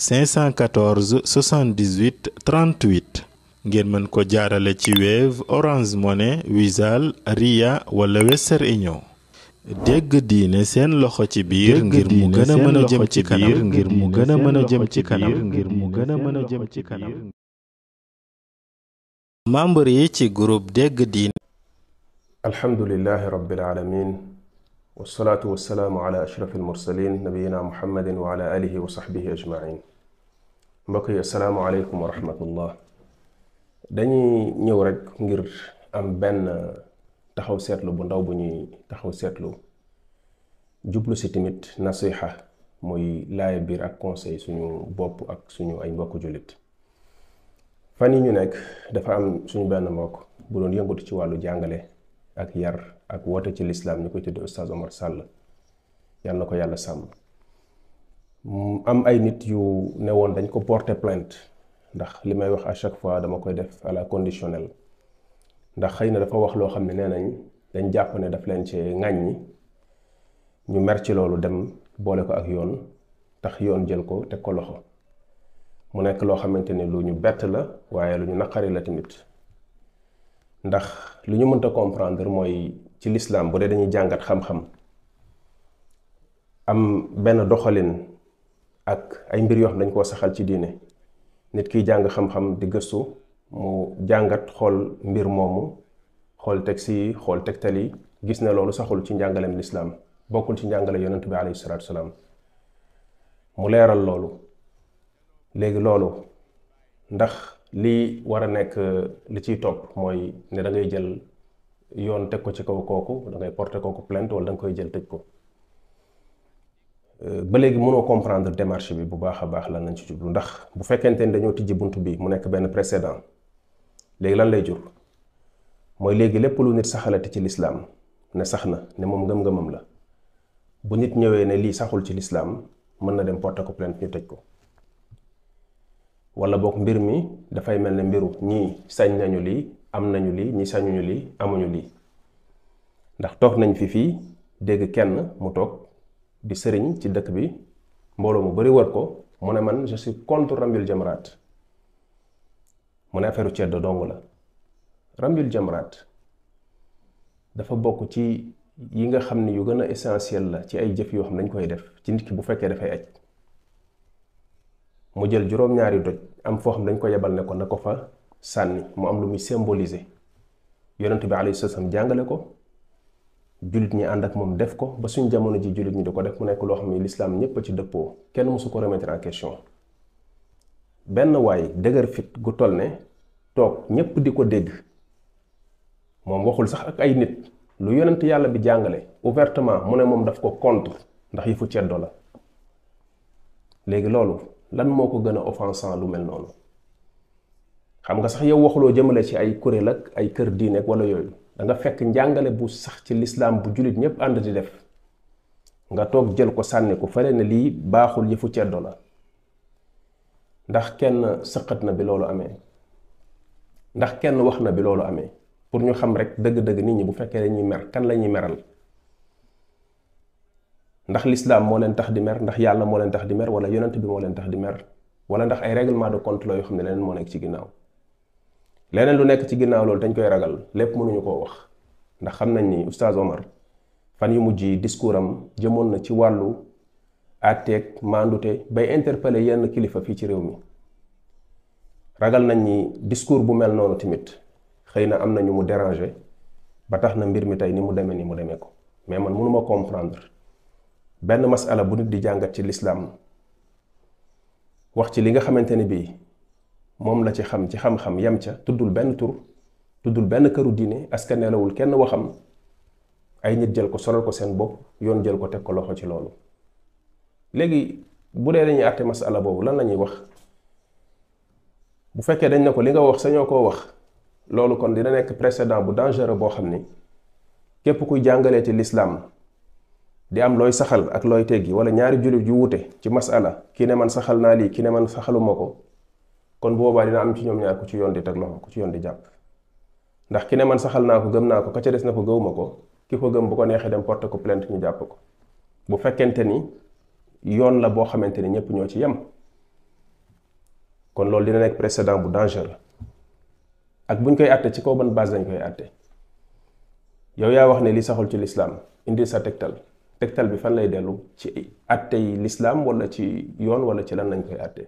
514 78 38 ngeen mën ko jaarale ci Wave Orange Money Wizall Ria wala Western Union dégg diine seen loxo ci biir ngir mu gën a mën a jëm ci biir ngir mu gën a mën a jëm ci kanam ngir mu gën a mën jëm ci kanam membre yi ci groupe dégg diine alhamdulillahi rabbil alamin wasalaatu wasalaamu ala ashraf almursalin nabiyina muhammadin wa ala wa sahbihi ajmain mbokk yi asalaamaaleykum wa rahmatullah dañuy ñëw rekk ngir am benn taxaw seetlu bu ndaw bu ñuy taxaw seetlu jublu si tamit nasiha muy laay biir ak conseil suñu bopp ak suñu ay mbokk jullit fan yi ñu nekk dafa am suñu benn mbokk bu doon yëngatu ci wàllu jàngale ak yar ak woote ci lislaam ñu koy tuddee Oustaz Oumar Sall yal ko yàlla sàmm am ay nit yu ne woon dañ ko porter plainte ndax li may wax à chaque fois dama koy def à la conditionnelle ndax xëy na dafa wax loo xam ne nee nañ dañ jàpp ne daf leen cee ŋàññi ñu mer ci loolu dem boole ko ak yoon tax yoon jël ko teg ko loxo mu nekk loo xamante ne lu ñu bett la waaye lu ñu naqari la tamit ndax lu ñu mënta comprendre mooy ci lislaam bu dee dañuy jàngat xam-xam am benn doxalin. ak ay mbir yoo dañ koo saxal ci diine nit kiy jàng xam-xam di gëstu mu jàngat xool mbir moomu xool tegsi yi xool teg yi gis na loolu saxul ci njàngaleem lislaam bokkul ci njàngale yonent bi alayhi salaatu salaam mu leeral loolu léegi loolu ndax lii war a nekk li ciy topp mooy ne dangay jël yoon teg ko ci kaw kooku da ngay porter kooku plainte wala da nga koy jël tëj ko ba léegi mënoo comprendre démarche bi bu baax a baax lan lañ ci jublu ndax bu fekkente ni dañoo tijji bunt bi mu nekk benn précédent léegi lan lay jur mooy léegi lépp lu nit saxalati ci lislaam ne sax na ne moom ngëm-ngëmam la bu nit ñëwee ne lii saxul ci lislaam mën na dem porter ko plainte ñu tëj ko wala boog mbir mi dafay mel ne mbiru ñii sañ nañu lii am nañu lii ñii sañuñu lii amuñu lii ndax toog nañ fi fii dégg kenn mu toog di sëriñ ci dëkk bi mbooloo mu bari war ko mu ne man je suis contre Rambil Jamraat mu ne affaire ceddo dong la Rambil Jamraat dafa bokk ci yi nga xam ne yu gën a essentiel la ci ay jëf yoo xam ne dañ koy def ci nit bu fekkee dafay aj mu jël juróom-ñaari doj am foo xam dañ ko yebal ne ko na ko fa sànni mu am lu muy symboliser yonent bi alayhi salaam jàngale ko jullit ñi ànd ak moom def ko ba suñ jamono ji jullit ñi di ko def mu nekk loo xam ne lislaam ñépp a ci dëppoo kenn mosu ko remettre en benn waay dëgër fit gu toll ne toog ñépp di ko dégg moom waxul sax ak ay nit lu yonent yàlla bi jàngale ouvertement mu ne moom daf ko contre ndax yëfu ceddo la léegi loolu lan moo ko gën a offensant lu mel noonu xam nga sax yow waxuloo jëmale ci ay kuréel ak ay kër diine wala yooyu nga fekk njàngale bu sax ci lislaam bu julit ñëpp ànd di def nga toog jël ko sànni ko fële ne lii baaxul yëfu ceddo la ndax kenn sëqat na bi loolu amee ndax kenn wax na bi loolu amee pour ñu xam rek dëgg-dëgg nit ñi bu fekkee dañuy mer kan la ñuy meral ndax lislaam moo leen tax di mer ndax yàlla moo leen tax di mer wala yonent bi moo leen tax di mer wala ndax ay règlement de compte la yoo xam ne leneen moo nekk ci ginnaaw leneen lu nekk ci ginnaaw loolu dañ koy ragal lépp mënuñu koo wax ndax xam nañ ni oustaz Omar fan yu mujj yi discours jëmoon na ci wàllu àtteeg maandute bay interpeller yenn kilifa fii ci réew mi ragal nañ ni discours bu mel noonu tamit xëy na am na ñu mu déranger ba tax na mbir mi tey ni mu demee ni mu demee ko mais man mënuma comprendre benn masala bu nit di jàngat ci lislaam wax ci li nga xamante ni bii moom la ci xam ci xam-xam yem ca tuddul benn tur tuddul benn këru diine askanelawul kenn waxam ay nit jël ko solal ko seen bopp yoon jël ko teg ko loxo ci loolu léegi bu dee dañuy àtte masala boobu lan lañuy wax bu fekkee dañ ne ko li nga wax sañoo ko wax loolu kon dina nekk précédent bu dangereux boo xam ni képp kuy jàngalee ci lislaam di am looy saxal ak looy teggi wala ñaari jullit yu wuute ci masala ki ne man saxal naa lii ki ne man saxaluma ko kon boobaa dina am ci ñoom ñaar ku ci yoon di teg loxo ku ci yoon di jàpp ndax ki ne man saxal naa ko gëm naa ko ka ca des na ko gëwuma ko ki ko gëm bu ko neexee dem porter ko plainte ñu jàpp ko bu fekkente ni yoon la boo xamante ni ñëpp ñoo ci yem kon loolu dina nekk précédent bu dangereux ak buñ koy àtte ci kaw ban base lañ koy àtte yow yaa wax ne li saxul ci lislaam indi sa tegtal tegtal bi fan lay dellu ci àtte yi lislaam wala ci yoon wala ci lan lañ koy àtte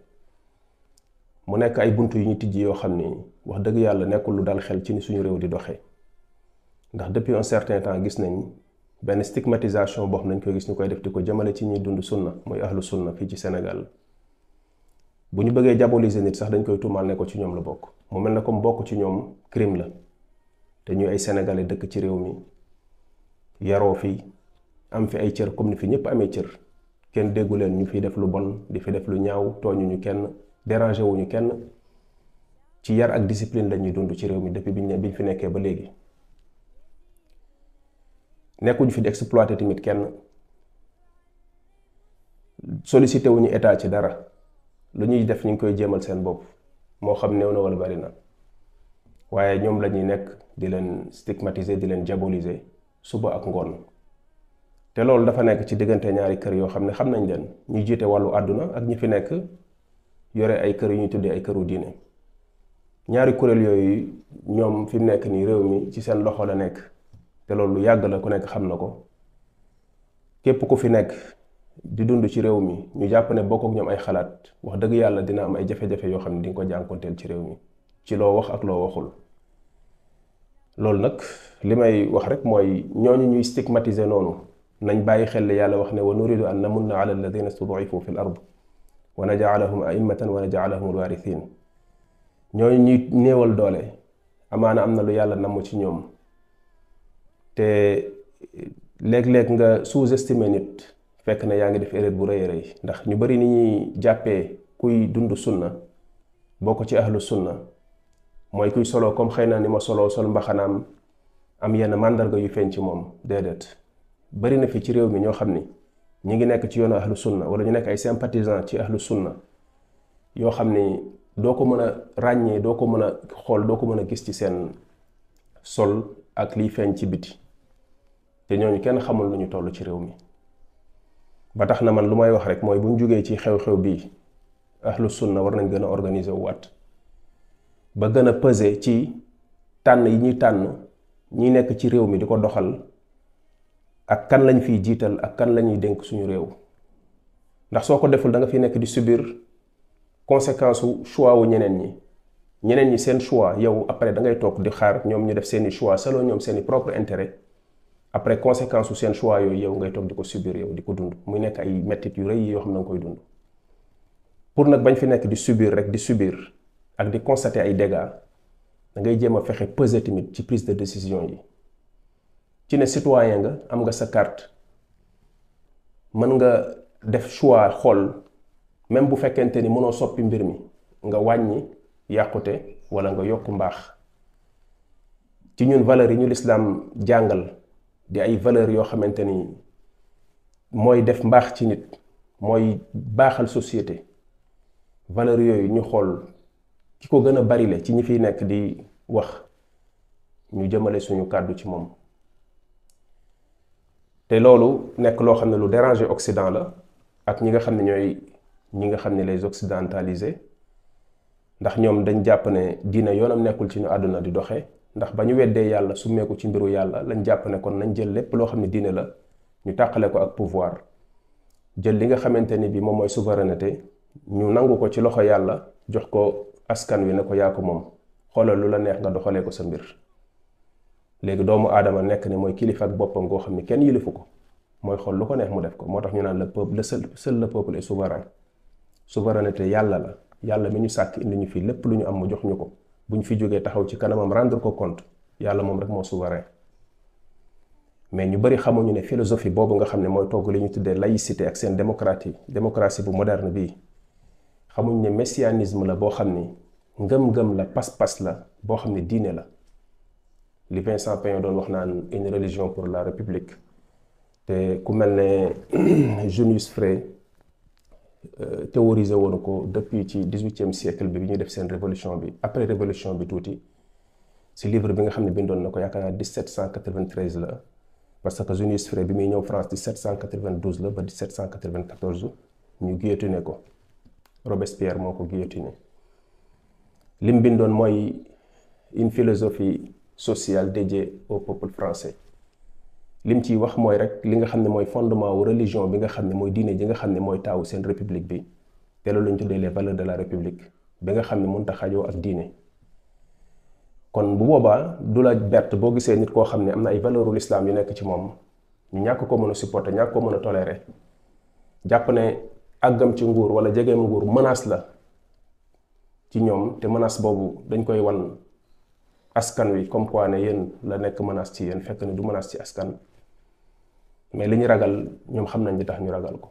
mu nekk ay bunt yu ñu tijji yoo xam ni wax dëgg yàlla nekkul lu dal xel ci ni suñu réew di doxee ndax depuis un certain temps gis nañ benn stigmatisation boo xam nañ koy gis ñu koy def di ko jëmale ci ñuy dund sunna muy ahlu sunna fii ci senegal bu ñu bëggee diaboliser nit sax dañ koy tuumaal ne ko ci ñoom la bokk mu mel ko mu bokk ci ñoom crime la te ñuy ay sénégalais dëkk ci réew mi yaroo fi am fi ay cër comme ni fi ñëpp amee cër kenn déggu leen ñu fiy def lu bon di fi def lu ñaaw tooñu kenn. dérangé wuñu kenn ci yar ak disipline la dund ci réew mi depuis biñ biñ fi nekkee ba léegi nekkuñu fi di exploité tamit kenn sollicité wuñu état ci dara lu ñuy def ñu ngi koy jéemal seen bopp moo xam néew na wala bari na waaye ñoom la ñuy nekk di leen stigmatiser di leen diaboliser suba ak ngoon te loolu dafa nekk ci diggante ñaari kër yoo xam ne xam nañ leen ñu jiite wàllu àdduna ak ñi fi nekk yore ay kër yu ñuy tuddee ay këru diine ñaari kuréel yooyu ñoom fi mu nekk nii réew mi ci seen loxo la nekk te loolu lu yàgg la ku nekk xam na ko képp ku fi nekk di dund ci réew mi ñu jàpp ne bokk ak ñoom ay xalaat wax dëgg yàlla dina am ay jafe-jafe yoo xam ne di nga ko jànkonteel ci réew mi ci loo wax ak loo waxul loolu nag li may wax rek mooy ñooñu ñuy stigmatiser noonu nañ bàyyi xel yàlla wax ne wa nuridu an namunna ala alladina studifu fi l ard wa najaalahum aimmatan wa najaalahum alwarithin ñooñu ñuy néewal doole amaana am na lu yàlla namm ci ñoom te léeg-léeg nga sous-estimer nit fekk na yaa ngi def erreur bu rëy rëy ndax ñu bari ni jàppee kuy dund sunna boo ko ci ahlu sunna mooy kuy solo comme xëy na ni ma solo sol mbaxanaam am yenn màndarga yu feeñ ci moom déedéet bari na fi ci réew mi ñoo xam ni ñi ngi nekk ci yoonu ahlu sunna wala ñu nekk ay sympathisant ci ahlu sunna yoo xam ni doo ko mën a ràññee doo ko mën a xool doo ko mën a gis ci seen sol ak liy feeñ ci biti te ñooñu kenn xamul lu ñu toll ci réew mi ba tax na man lu may wax rek mooy bu ñu jógee ci xew-xew bii ahlu sunna war nañ gën a organiser wu waat ba gën a peser ci tànn yi ñuy tànn ñi nekk ci réew mi di ko doxal ak kan lañ fiy jiital ak kan lañuy denk suñu réew ndax soo ko deful da nga fi nekk di subir conséquence choix wu ñeneen ñi ñeneen ñi seen choix yow après da ngay toog di xaar ñoom ñu def seeni choix selon ñoom seeni propre intérêt après conséquence wu seen choix yooyu yow ngay toog di ko subir yow di ko dund muy nekk ay mettit yu rëy yoo xam na nga koy dund pour nag bañ fi nekk di subir rek di subir ak di constater ay dégâts da ngay jéem a fexe peser tamit ci prise de décision yi ci ne citoyen nga am nga sa carte mën nga def choix xool même bu fekkente ni mënoo soppi mbir mi nga wàññi yàqute walla nga yokk mbaax ci ñun valeurs yi ñu lislaam jàngal di ay valeurs yoo xamante ni mooy def mbaax ci nit mooy baaxal société valeur yooyu ñu xool ki ko gën a bari ci ñi fiy nekk di wax ñu jëmale suñu kàddu ci moom te loolu ne lu déranger Occident la ak ñi nga xam ne ñi nga les occidentalisés ndax ñoom dañ jàpp ne diine yoonam nekkul ci ñu àdduna di doxee ndax ba ñu weddee yàlla ci mbiru yàlla lañ ne kon nañ jël lépp ko pouvoir jël li nga xamante ni bi souveraineté ñu nangu ko ci loxo jox ko ne ko ko lu la légui doomu adama nek ni moy kilifa ak bopam go xamni kenn yilifu ko moy xol lu ko neex mu def ko motax ñu naan le peuple le seul seul le peuple est souverain souveraineté yàlla la yàlla mi ñu sàkk indi ñu fi lépp lu ñu am mu jox ñuko buñ fi joggé taxaw ci kanamam rendre ko compte yàlla mom rek mo souverain mais ñu bari xamuñu ne philosophie bobu nga xamne moy togg li ñu tuddé laïcité ak sen démocratie démocratie bu moderne bii xamuñ ne messianisme la bo xam ngëm-ngëm la pas pass la bo xam diine la li Vincent Payon doon wax naan une religion pour la république te ku mel ne Junius Frey euh, théorisé woon ko depuis ci 18e siècle bi bi ñu def seen révolution bi après révolution bi tuuti si livre bi nga xam ne bindoon na ko yaakaar naa 1793 la parce que Junius Frey bi muy ñëw France 1792 la ba 1794 ñu guillotiné ko Robespierre moo ko guillotiné lim bindoon mooy une philosophie sociale dédiée au peuple français lim ciy wax mooy rek li nga xam ne mooy fondement wu religion bi nga xam ne mooy diine ji nga xam ne mooy taawu seen république bi te loolu lañ tuddee les valeurs de la république bi nga xam ne mënut a xajoo ak diine. kon bu boobaa du la bett boo gisee nit koo xam ne am na ay valeurs l'islam yu nekk ci moom ñu ñàkk ko mën a supporter ñàkk ko mën a tolérer jàpp ne àggam ci nguur wala jegeem nguur menace la ci ñoom te boobu dañ koy wan. askan wi comme quoi ne yéen la nekk menace ci yéen fekk ne du menace ci askan mais li ñu ragal ñoom xam nañ li tax ñu ragal ko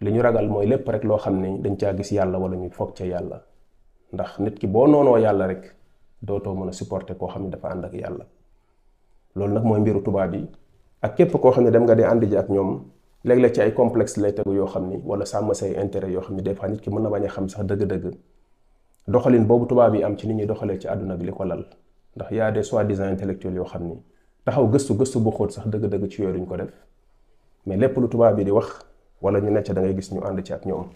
li ñu ragal mooy lépp rek loo xam ne dañ caa gis yàlla wala ñu foog ca yàlla ndax nit ki boo noonoo yàlla rek dootoo mën a supporter koo xam ne dafa ànd ak yàlla loolu nag mooy mbiru tubaab yi ak képp koo xam ne dem nga di ànd ji ak ñoom léeg-léeg ci ay complexe lay tegu yoo xam ni wala sàmm sa intérêt yoo xam ni des fois nit ki mën na bañ a xam sax dëgg-dëgg doxalin boobu tubaab yi am ci nit ñuy doxalee ci àdduna bi li ko lal ndax y a des soi-disant intellectuels yoo xam ni taxaw gëstu gëstu bu xóot sax dëgg-dëgg ci yooyu duñ ko def mais lépp lu tubaab yi di wax wala ñu nekk da ngay gis ñu ànd ci ak ñoom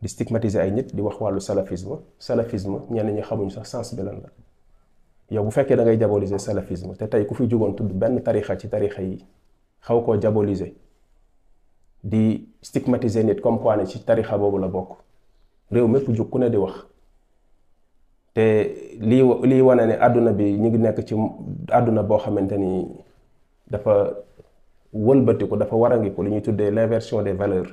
di stigmatiser ay nit di wax wàllu salafisme salafisme ñenn ñi xamuñ sax sens bi la yow bu fekkee da ngay jaboliser salafisme te tey ku fi jugoon tudd benn tarixa ci tarixa yi xaw koo jaboliser di stigmatiser nit comme quoi ne ci tarixa boobu la bokk réew mépp jug ku ne di wax te lii lii wane ne àdduna bi ñu ngi nekk ci àdduna boo xamante ni dafa wëlbatiku dafa warangiku li ñuy tuddee l'inversion des valeurs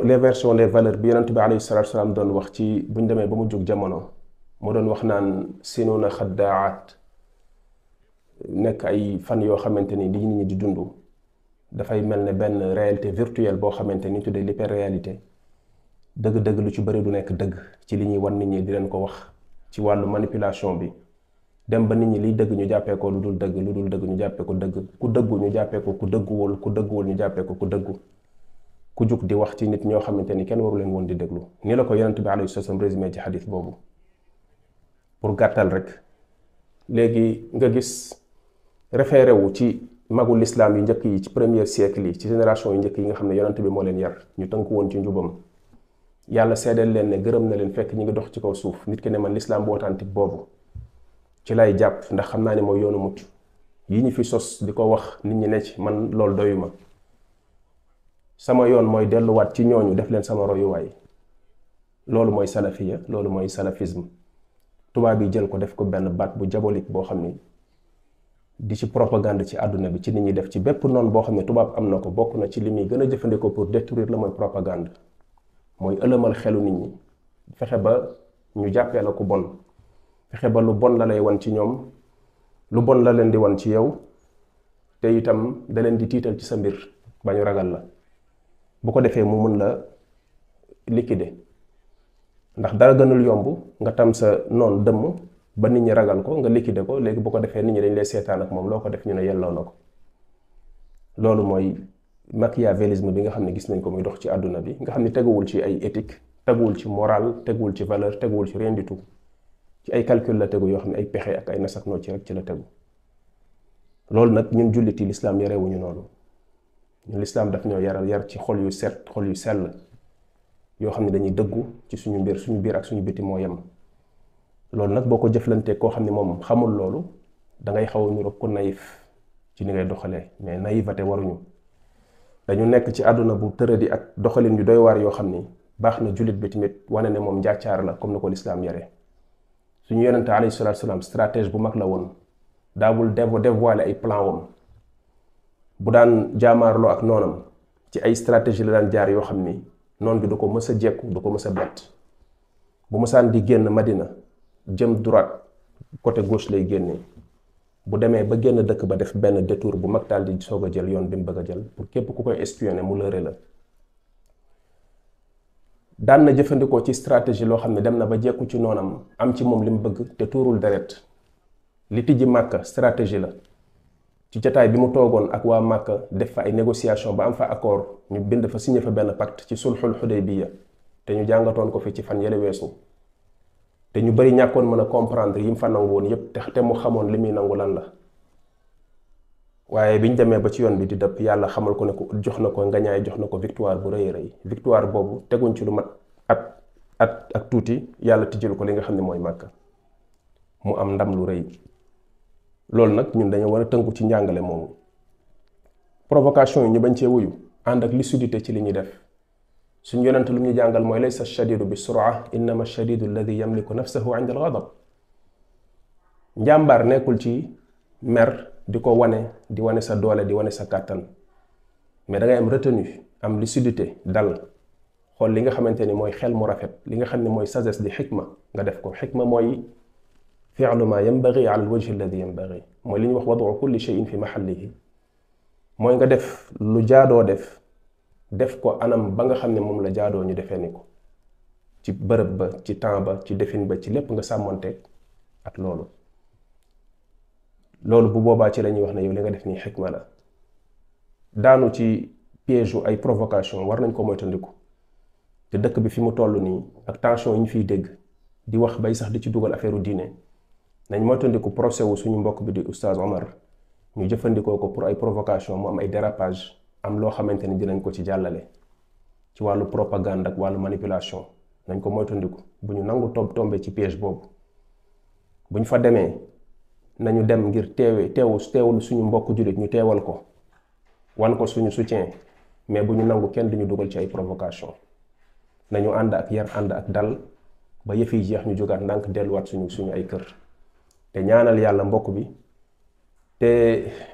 l'inversion des valeurs bi yonent bi alayhi salaatu salaam doon wax ci bu demee ba mu jóg jamono moo doon wax naan sinuuna xaddaat nekk ay fan yoo xamante ni li nit ñi di dund dafay mel ne benn réalité virtuelle boo xamante ni ñu tuddee réalité dëgg-dëgg lu ci bëri du nekk dëgg ci li ñuy wan nit ñi di leen ko wax ci wàllu manipulation bi dem ba nit ñi liy dëgg ñu jàppee ko lu dul dëgg lu dul dëgg ñu jàppee ko dëgg ku dëggu ñu jàppee ko ku dëgguwul ku dëgguwul ñu jàppee ko ku dëggu ku jug di wax ci nit ñoo xamante ni kenn waru leen woon di déglu ni la ko yonent bi alayhi salaam résumé ci xadis boobu pour gàttal rek léegi nga gis référé wu ci magul islam yu njëkk yi ci premier siècle yi ci génération yu njëkk yi nga xam ne yonent bi moo leen yar ñu tënk woon ci njubam yàlla seedeel leen ne gërëm na leen fekk ñi ngi dox ci kaw suuf nit ki ne man lislaam bu authentique boobu ci lay jàpp ndax xam naa ne mooy yoonu mucc yi ñu fi sos di ko wax nit ñi ne ci man loolu doyuma sama yoon mooy delluwaat ci ñooñu def leen sama royuwaay loolu mooy salafiya loolu mooy salafisme tubaab yi jël ko def ko benn baat bu diabolique boo xam ne di ci propagande ci àdduna bi ci nit ñi def ci bépp noon boo xam ne tubaab am na ko bokk na ci li muy gën a jëfandikoo pour détruire la mooy propagande mooy ëlëmal xelu nit ñi fexe ba ñu jàppee la ku bon fexe ba lu bon la lay wan ci ñoom lu bon la leen di wan ci yow te itam da leen di tiital ci sa mbir ba ñu ragal la bu ko defee mu mën la liquider ndax dara gënul yomb nga tam sa noon dëmm ba nit ñi ragal ko nga liquider ko léegi bu ko defee nit ñi dañ lay seetaan ak moom loo def ñu ne yelloo ko machiavélisme bi nga xam ne gis nañ ko muy dox ci àdduna bi nga xam ne teguwul ci ay éthique teguwul ci moral teguwul ci valeur teguwul ci rien du tout ci ay calcule la tegu yoo xam ne ay pexe ak ay nasak noo ci rek ci la tegu loolu nag ñun julliti lislaam yarewuñu noonu ñun lislaam daf ñoo yaral yar ci xol yu set xol yu sell yoo xam ne dañuy dëggu ci suñu mbir suñu biir ak suñu biti moo yem loolu nag boo ko jëflantee koo xam ne moom xamul loolu dangay xaw a niroog ku naïf ci ni ngay doxalee mais naïveté waruñu dañu nekk ci àdduna bu tëradi ak doxalin yu doy waar yoo xam ni baax na jullit bi tamit wane ne moom njaacaar la comme ni ko lislaam yare suñu yonente alayhi salaatu salaam stratège bu mag la woon daawul devo dévoiler ay plan bu daan jaamaarloo ak noonam ci ay stratégie la daan jaar yoo xam ni noon bi du ko mës a jekku du ko mës a bett bu mësaan di génn Madina jëm droite côté gauche lay génnee bu demee ba génn dëkk ba def benn détour bu mag daal di soog a jël yoon bi mu bëgg jël pour képp ku koy espionné mu lëre la daan na jëfandikoo ci stratégie loo xam ne dem na ba jekku ci noonam am ci moom li mu bëgg te tuurul deret li tijji màkka stratégie la ci jataay bi mu toogoon ak waa màkka def fa ay négociation ba am fa accord ñu bind fa signé fa benn pacte ci sulxul xudaybiya te ñu jàngatoon ko fii ci fan yële weesu te ñu bari ñàkkoon mën a comprendre yi mu fa nangu woon yépp te mu xamoon li muy nangu lan la waaye bi ñu demee ba ci yoon bi di dëpp yàlla xamal ko ne ko jox na ko ngañaay jox na ko victoire bu rëy rëy victoire boobu teguñ ci lu mat ak at ak tuuti yàlla tijjal ko li nga xam ne mooy màkk mu am ndam lu rëy loolu nag ñun dañoo war a tënku ci njàngale moomu provocation yi ñu bañ cee wuyu ànd ak lucidité ci li ñuy def suñ yonent lu ñu jàngal mooy laysa shadidu bi sura innama shadidu alladi yamliku nafsahu inda alghadab njàmbaar nekkul ci mer di ko wane di wane sa doole di wane sa kàttan mais da ngay am retenue am lucidité dal xool li nga xamante ni mooy xel mu rafet li nga xam ne mooy sagesse di xikma nga def ko xikma mooy fi'lu ma yanbaghi ala alwajhi alladi yanbaghi mooy li ñuy wax wadu kulli shay'in fi mahallihi mooy nga def lu jaadoo def def ko anam ba nga xam ne moom la jaadoo ñu defee ni ko ci bërëb ba ci temps ba ci defin ba ci lépp nga sàmmonte ak loolu loolu bu boobaa ci la ñuy wax ne yow li nga def nii xikma la daanu ci piège yu ay provocation war nañ ko moytandiku te dëkk bi fi mu toll nii ak tension yi ñu fiy dégg di wax bay sax di ci dugal affaire diine nañ moytandiku procès wu suñu mbokk bi di oustaz Omar ñu jëfandikoo ko pour ay provocation mu am ay dérapage am lo xamanteni dinañ ko ci jallale ci walu propagande ak walu manipulation nañ ko moytandiku bu ñu nangu top tombe ci piège bobu buñ fa démé nañu dem ngir teewe teewu teewul suñu mbokk julit ñu téwal ko wan ko suñu soutien mais buñu ñu nangu kenn duñu duggal ci ay provocation nañu and ak yar and ak dal ba yefi jeex ñu jógaat delu wat suñu suñu ay kër te ñaanal yalla mbokk bi te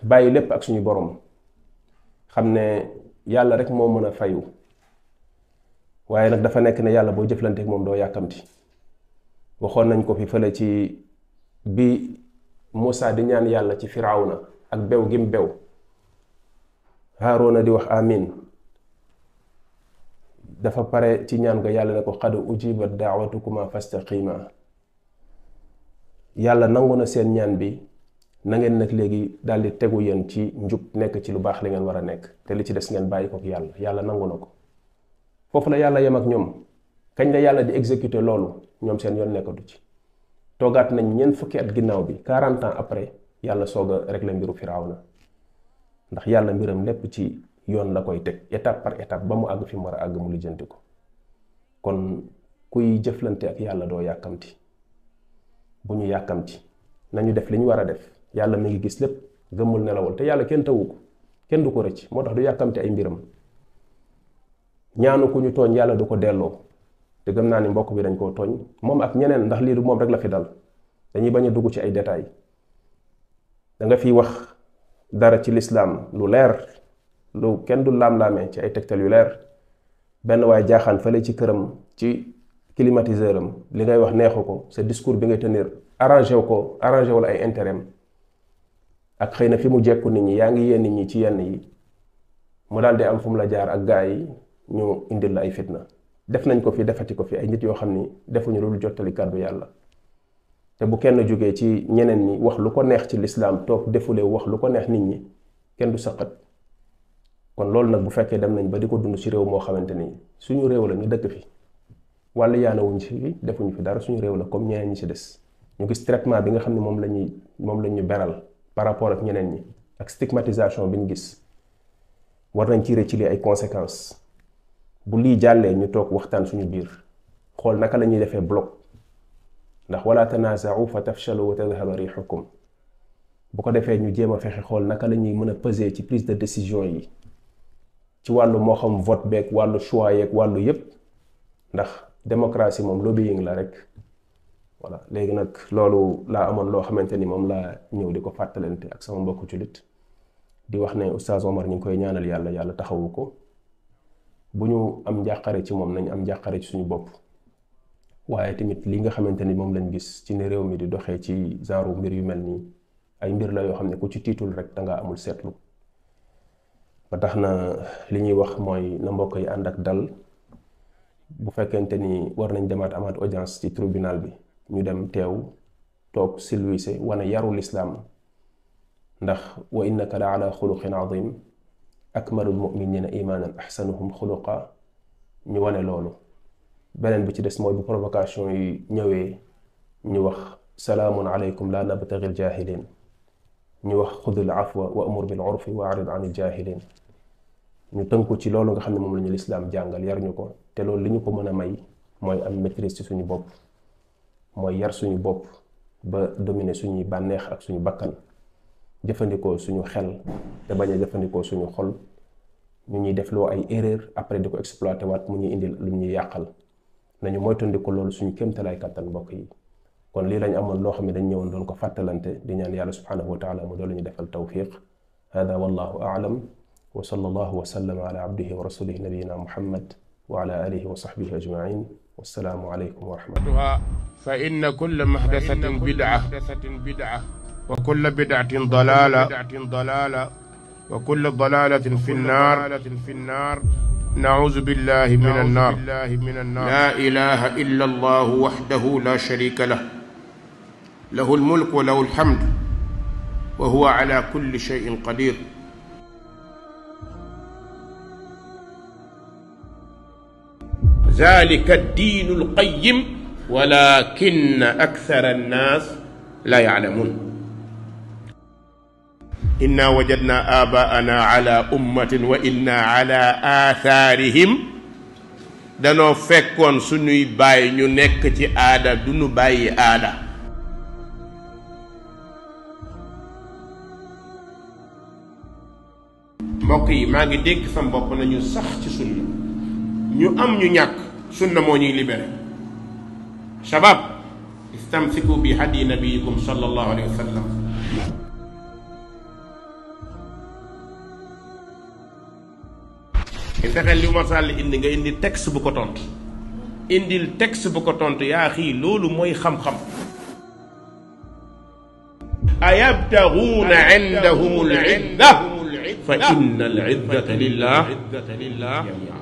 bayyi lepp ak suñu borom xam ne yàlla rek moo mën a fayu waaye nag dafa nekk ne yàlla boo jëflanteeg moom doo yàkkamti waxoon nañ ko fi fële ci bi Moussa di ñaan yàlla ci Firawna ak bew gim bew Haaruna di wax amin dafa pare ci ñaan ga yàlla ne ko xadu ujiba daawatukuma fastaqima yàlla nangu na seen ñaan bi na ngeen nag léegi daal di tegu yéen ci njub nekk ci lu baax li ngeen war a nekk te li ci des ngeen bàyyi ko yàlla yàlla nangu na ko foofu la yàlla yem ak ñoom kañ la yàlla di exécuter loolu ñoom seen yoon nekkatu ci toogaat nañ ñeen fukki at ginnaaw bi 40 ans après yàlla soog a régler mbiru firaaw na ndax yàlla mbiram lépp ci yoon la koy teg étape par étape ba mu àgg fi mu war a mu lijjanti ko kon kuy jëflante ak yàlla doo yàkkamti bu ñu yàkkamti nañu def li ñu war def yàlla mi ngi gis lépp gëmmul nelawul te yàlla kenn tawu ko kenn du ko rëcc moo tax du yàkkamte ay mbiram ñaanu ku ñu tooñ yàlla du ko delloo te gëm naa ni mbokk bi dañ koo tooñ moom ak ñeneen ndax lii du moom rek la fi dal dañuy bañ a dugg ci ay détails da nga fiy wax dara ci lislaam lu leer lu kenn du laam-laamee ci ay tegtal yu leer benn waaye jaaxaan fële ci këram ci climatiseur am li ngay wax neexu ko sa discours bi ngay tenir arrangé wu ko arrangé wala ay intérêt ak xëy na fi mu jekku nit ñi yaa ngi yéen nit ñi ci yenn yi mu daal di am fu mu la jaar ak gaa yi ñu indi la ay fitna def nañ ko fi defati ko fi ay nit yoo xam ni defuñu lu jottali kàddu yàlla te bu kenn jógee ci ñeneen ñi wax lu ko neex ci lislaam toog defule wax lu ko neex nit ñi kenn du saqat kon loolu nag bu fekkee dem nañ ba di ko dund ci réew moo xamante ni suñu réew la ñu dëkk fi wàllu yaanawuñ ci defuñu fi dara suñu réew la comme ñeneen ñi ci des ñu gis traitement bi nga xam ne moom la ñuy moom la ñu beral par rapport ak ñeneen ñi ak stigmatisation bi ñu gis war nañ tirer ci lii ay conséquences bu lii jàllee ñu toog waxtaan suñu biir xool naka la ñuy defee bloc ndax wala tanaaza'u fa tafshalu wa tadhhaba riihukum bu ko defee ñu jéem a fexe xool naka la ñuy mën a peser ci prise de décision yi ci wàllu moo xam vote beeg wàllu choix yeeg wàllu yépp ndax démocratie moom lobbying la rek voilà léegi nag loolu laa amoon loo xamante ni moom laa ñëw di ko fàttalante ak sama mbokku jullit di wax ne oustaz Omar ñu ngi koy ñaanal yàlla yàlla taxawu ko bu ñu am njàqare ci moom nañ am njàqare ci suñu bopp waaye tamit li nga xamante ni moom lañ gis ci ne réew mi di doxee ci genre mbir yu mel nii ay mbir la yoo xam ne ku ci tiitul rek da amul seetlu ba tax na li ñuy wax mooy na mbokk yi ànd ak dal bu fekkente ni war nañ demaat amaat audience ci tribunal bi. ñu dem teew toog silwise wane yaru islaam ndax wa innaka la ala xuluqin azim akmalul muminina imanan axsanuhum xuluqa ñu wane loolu beneen bi ci des mooy bu provocation yi ñëwee ñu wax salaamun alaykum la nabtagi aljahilin ñu wax xudul afwa wa amur bil urfi wa arid an aljahilin ñu tënku ci loolu nga xam ne moom la ñu lislaam jàngal yar ñu ko te loolu li ñu ko mën a may mooy am maîtrise ci suñu bopp mooy yar suñu bopp ba dominer suñuy bànneex ak suñu bakkan jëfandikoo suñu xel te bañ a jëfandikoo suñu xol ñu ñuy def loo ay erreur après di ko exploité waat mu ñuy indi lu ñuy yàqal nañu moytandiku loolu suñu kéemtalaay kàttan mbokk yi kon lii lañ amoon loo xam ne dañ ñëwoon doon ko fàttalante di ñaan yàlla subhanahu wa taala mu doolu ñu defal tawfiq hada wallahu aalam wa sallallahu wa sallam ala abdihi wa rasulihi nabiyina muhammad wa ala alihi wa sahbihi ajmain والسلام عليكم ورحمة الله فإن كل محدثة بدعة بدعة وكل بدعة ضلالة ضلالة وكل ضلالة في النار في النار نعوذ بالله من النار لا إله إلا الله وحده لا شريك له له الملك وله الحمد وهو على كل شيء قدير ذلك الدين القيم ولكن أكثر الناس لا يعلمون إنا وجدنا آباءنا على أمة وإنا على آثارهم danoo fekkoon suñuy bàyyi ñu nekk ci aada du ñu bàyyi aada mbokk yi maa ngi dégg sam bopp nañu sax ci sunna ñu am ñu ñàkk sunna moo ñuy libéré shabab istamsiku bi hadi nabiyikum sallallahu alayhi wa sallam fexeel li Oumar Sall indi nga indi texte bu ko tontu indil texte bu ko tontu yaa xii loolu mooy xam-xam ayabtaxuuna indahum al idda fa inna al iddata lillah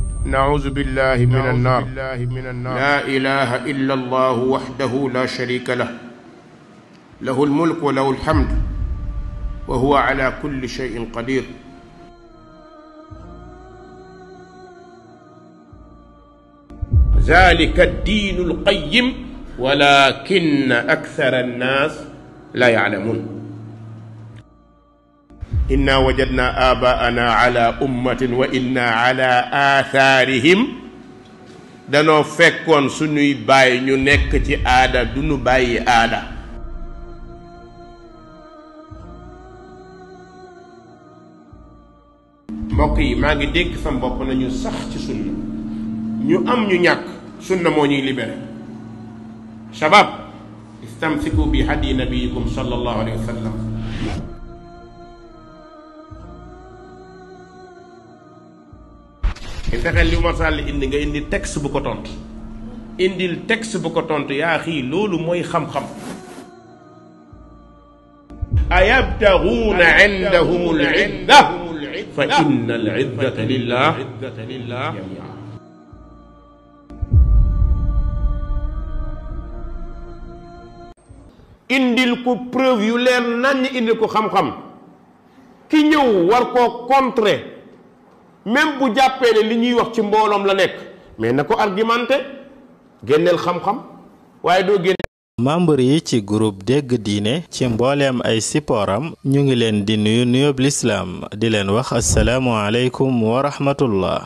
نعوذ بالله من النار لا إله إلا الله وحده لا شريك له له الملك وله الحمد وهو على كل شيء قدير ذلك الدين القيم ولكن أكثر الناس لا يعلمون إنا وجدنا آباءنا على أمة وإنا على آثارهم دانو فيكون سنوي باي ني نيك تي آدا دونو باي آدا موكي ماغي ديك سام بوب نا ني صح تي سنة ني ام ني نياك سنة مو ني ليبر شباب استمسكوا بهدي نبيكم صلى الله عليه وسلم fexeel li Oumar Sall indi nga indi texte bu ko tontu indil texte bu ko tontu yaa xii loolu mooy xam-xam ayabtaxuuna indahum al idda fa inna al iddata lillah jamia indil ko preuve yu leer nañ indil ko xam-xam ki ñëw war koo contrer même bu jàppee ne li ñuy wax ci mbooloom la nekk mais na ko argumenté génneel xam-xam waaye doo génne. membre yi ci groupe dégg diine ci mbooleem ay sipooram ñu ngi leen di nuyu nuyoob lislaam di leen wax asalaamualeykum wa rahmatullah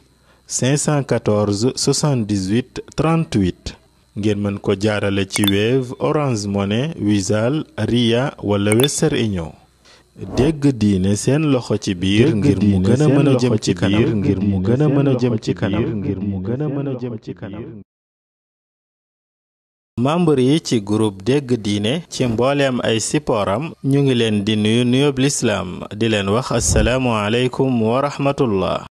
514 78 38 ngeen mën ko jaarale ci Wave Orange Money Wizall Ria wala Western Union dégg diine seen loxo ci biir ngir mu gëna mëna mën jëm ci kanam ngir mu gëna mëna jëm ci kanam ngir mu gëna mëna jëm ci kanam membre yi ci groupe dégg diine ci mbooleem ay sippooram ñu ngi leen di nuyu nuyoob lislaam di leen wax asalaamu aleykum wa rahmatullah